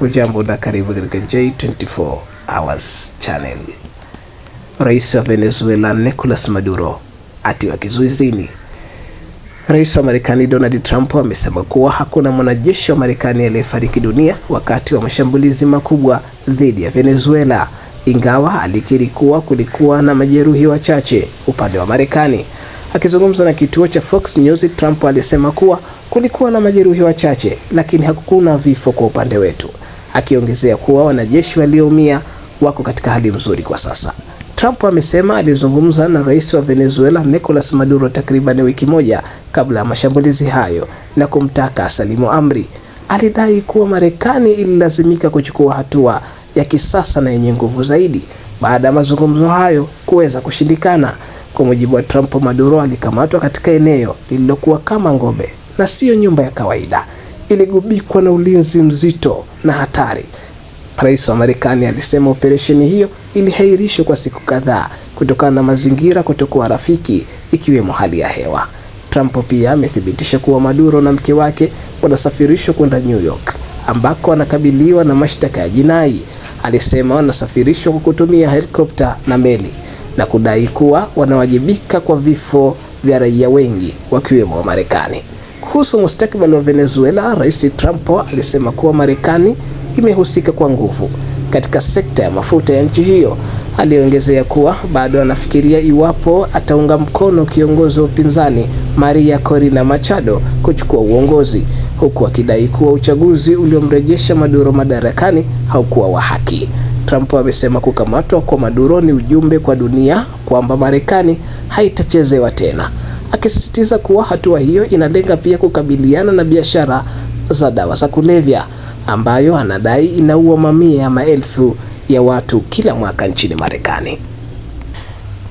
Hujambo na karibu katika J24 Hours Channel. Rais wa Venezuela Nicolas Maduro atiwa kizuizini. Rais wa Marekani Donald Trump amesema kuwa hakuna mwanajeshi wa Marekani aliyefariki dunia wakati wa mashambulizi makubwa dhidi ya Venezuela, ingawa alikiri kuwa kulikuwa na majeruhi wachache upande wa Marekani. Akizungumza na kituo cha Fox News, Trump alisema kuwa kulikuwa na majeruhi wachache, lakini hakuna vifo kwa upande wetu akiongezea kuwa wanajeshi walioumia wako katika hali nzuri kwa sasa. Trump amesema alizungumza na rais wa Venezuela Nicolas Maduro takriban wiki moja kabla ya mashambulizi hayo na kumtaka asalimu amri. Alidai kuwa Marekani ililazimika kuchukua hatua ya kisasa na yenye nguvu zaidi baada ya mazungumzo hayo kuweza kushindikana. Kwa mujibu wa Trump, Maduro alikamatwa katika eneo lililokuwa kama ngome na siyo nyumba ya kawaida iligubikwa na ulinzi mzito na hatari. Rais wa Marekani alisema operesheni hiyo ilihairishwa kwa siku kadhaa kutokana na mazingira kutokuwa rafiki, ikiwemo hali ya hewa. Trump pia amethibitisha kuwa Maduro na mke wake wanasafirishwa kwenda New York ambako wanakabiliwa na mashtaka ya jinai. Alisema wanasafirishwa kwa kutumia helikopta na meli na kudai kuwa wanawajibika kwa vifo vya raia wengi wakiwemo wa Marekani. Kuhusu mustakabali wa Venezuela, Rais Trump alisema kuwa Marekani imehusika kwa nguvu katika sekta ya mafuta ya nchi hiyo. Aliongezea kuwa bado anafikiria iwapo ataunga mkono kiongozi wa upinzani Maria Corina Machado kuchukua uongozi, huku akidai kuwa uchaguzi uliomrejesha Maduro madarakani haukuwa wa haki. Trump amesema kukamatwa kwa Maduro ni ujumbe kwa dunia kwamba Marekani haitachezewa tena akisisitiza kuwa hatua hiyo inalenga pia kukabiliana na biashara za dawa za kulevya ambayo anadai inaua mamia ya maelfu ya watu kila mwaka nchini Marekani.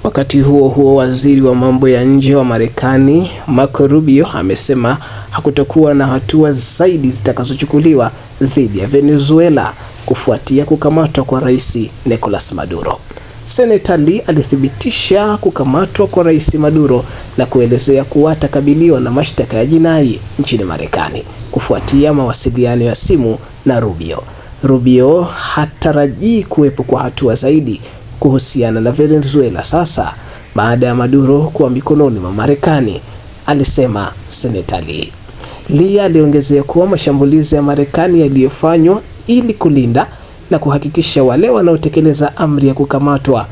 Wakati huo huo, waziri wa mambo ya nje wa Marekani Marco Rubio amesema hakutokuwa na hatua zaidi zitakazochukuliwa dhidi ya Venezuela kufuatia kukamatwa kwa Rais Nicolas Maduro. Seneta Lee alithibitisha kukamatwa kwa Rais Maduro na kuelezea kuwa atakabiliwa na mashtaka ya jinai nchini Marekani kufuatia mawasiliano ya simu na Rubio. Rubio hatarajii kuwepo kwa hatua zaidi kuhusiana na Venezuela sasa baada ya Maduro kuwa mikononi mwa Marekani, alisema Seneta Lee. Lee aliongezea kuwa mashambulizi ya Marekani yaliyofanywa ili kulinda na kuhakikisha wale wanaotekeleza amri ya kukamatwa